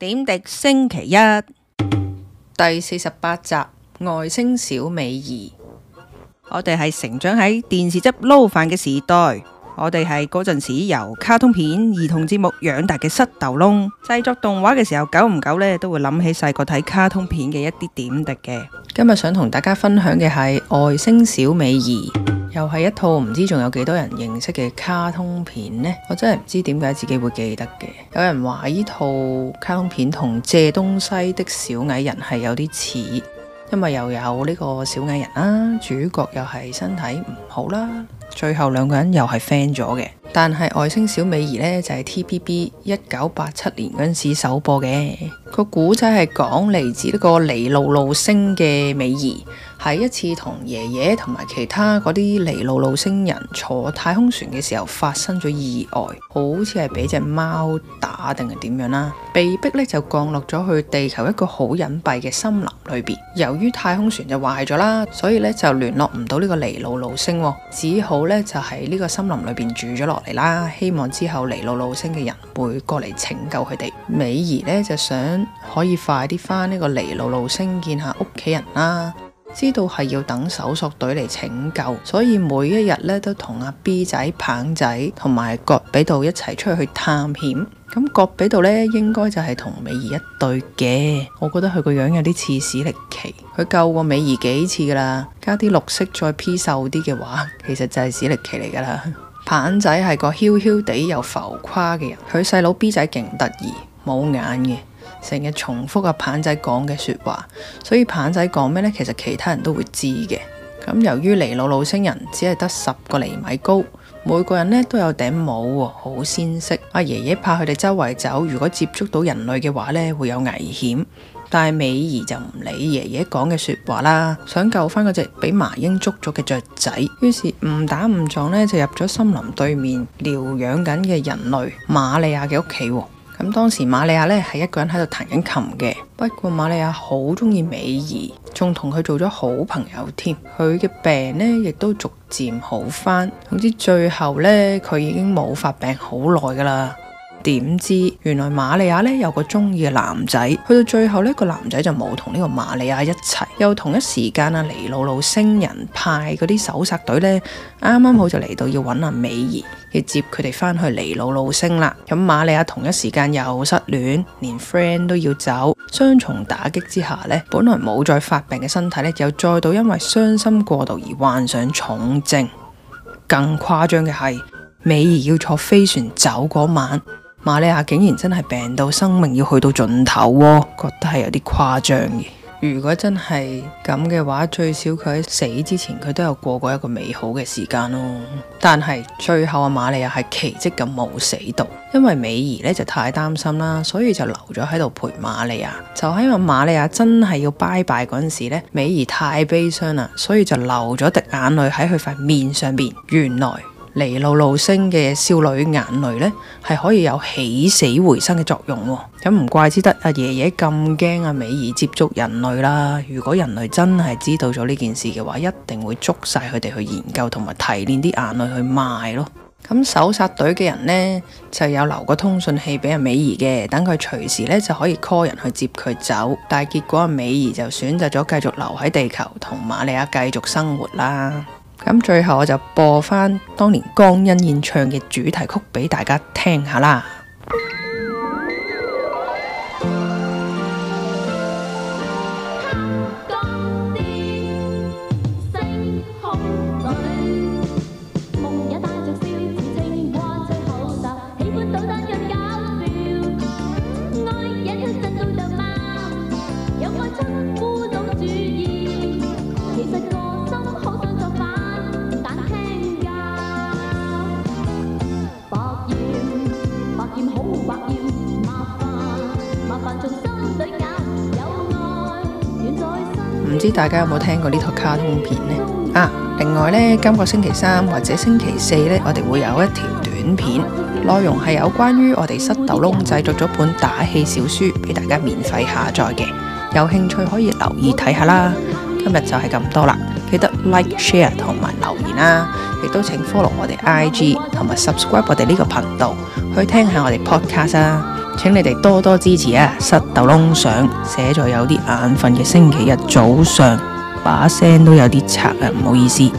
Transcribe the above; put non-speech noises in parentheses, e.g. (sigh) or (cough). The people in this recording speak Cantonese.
點滴星期一第四十八集《外星小美兒》， (noise) 我哋係成長喺電視汁撈飯嘅時代，我哋係嗰陣時由卡通片、兒童節目養大嘅失斗窿。製作動畫嘅時候，久唔久呢，都會諗起細個睇卡通片嘅一啲點滴嘅。今日想同大家分享嘅係《外星小美兒》。又係一套唔知仲有幾多人認識嘅卡通片呢？我真係唔知點解自己會記得嘅。有人話依套卡通片同《借東西的小矮人》係有啲似，因為又有呢個小矮人啦，主角又係身體唔好啦，最後兩個人又係 friend 咗嘅。但係外星小美兒呢，就係 TBB 一九八七年嗰陣時首播嘅，個故仔係講嚟自一個尼路路星嘅美兒。喺一次同爺爺同埋其他嗰啲尼魯魯星人坐太空船嘅時候，發生咗意外，好似係俾隻貓打定係點樣啦，被迫咧就降落咗去地球一個好隱蔽嘅森林裏邊。由於太空船就壞咗啦，所以咧就聯絡唔到呢個尼魯魯星，只好咧就喺呢個森林裏邊住咗落嚟啦。希望之後尼魯魯星嘅人會過嚟拯救佢哋。美兒咧就想可以快啲翻呢個尼魯魯星見下屋企人啦。知道係要等搜索隊嚟拯救，所以每一日咧都同阿 B 仔、棒仔同埋郭比度一齊出去探險。咁郭比度咧應該就係同美兒一對嘅，我覺得佢個樣有啲似史力奇。佢救過美兒幾次噶啦，加啲綠色再 P 瘦啲嘅話，其實就係史力奇嚟噶啦。棒仔係個囂囂地又浮誇嘅人，佢細佬 B 仔勁得意，冇眼嘅。成日重複阿棒仔講嘅說話，所以棒仔講咩呢？其實其他人都會知嘅。咁由於尼魯魯星人只係得十個厘米高，每個人咧都有頂帽，好鮮色。阿爺爺怕佢哋周圍走，如果接觸到人類嘅話呢，會有危險。但係美兒就唔理爺爺講嘅說話啦，想救返嗰隻俾麻鷹捉咗嘅雀仔，於是誤打誤撞呢，就入咗森林對面療養緊嘅人類瑪利亞嘅屋企。咁當時瑪利亞呢係一個人喺度彈緊琴嘅，不過瑪利亞好鍾意美兒，仲同佢做咗好朋友添。佢嘅病呢亦都逐漸好返，總之最後呢佢已經冇發病好耐㗎喇。點知原來瑪利亞呢有個中意嘅男仔，去到最後呢個男仔就冇同呢個瑪利亞一齊，又同一時間啊尼魯魯星人派嗰啲搜殺隊呢啱啱好就嚟到要搵阿美兒要接佢哋返去尼魯魯星啦。咁瑪利亞同一時間又失戀，連 friend 都要走，雙重打擊之下呢，本來冇再發病嘅身體呢，又再度因為傷心過度而患上重症。更誇張嘅係，美兒要坐飛船走嗰晚。瑪利亞竟然真係病到生命要去到盡頭喎、哦，覺得係有啲誇張嘅。如果真係咁嘅話，最少佢喺死之前，佢都有過過一個美好嘅時間咯。但係最後阿瑪利亞係奇跡咁冇死到，因為美兒咧就太擔心啦，所以就留咗喺度陪瑪利亞。就喺阿瑪利亞真係要拜拜嗰陣時咧，美兒太悲傷啦，所以就流咗滴眼淚喺佢塊面上邊。原來。尼路路星嘅少女眼淚咧，係可以有起死回生嘅作用喎、哦。咁唔怪之得阿爺爺咁驚阿美兒接觸人類啦。如果人類真係知道咗呢件事嘅話，一定會捉晒佢哋去研究同埋提煉啲眼淚去賣咯。咁搜殺隊嘅人呢，就有留個通訊器俾阿美兒嘅，等佢隨時呢就可以 call 人去接佢走。但係結果阿美兒就選擇咗繼續留喺地球同瑪利亞繼續生活啦。咁最後我就播翻當年江欣燕唱嘅主題曲俾大家聽下啦。唔知大家有冇聽過呢套卡通片呢？啊，另外呢，今個星期三或者星期四呢，我哋會有一條短片，內容係有關於我哋塞豆窿仔製作咗本打氣小書俾大家免費下載嘅，有興趣可以留意睇下啦。今日就係咁多啦，記得 like、share 同埋留言啦，亦都請 follow 我哋 IG 同埋 subscribe 我哋呢個頻道去聽下我哋 podcast 啦。請你哋多多支持啊！塞豆窿上寫咗有啲眼瞓嘅星期日早上，把聲都有啲賊啊，唔好意思。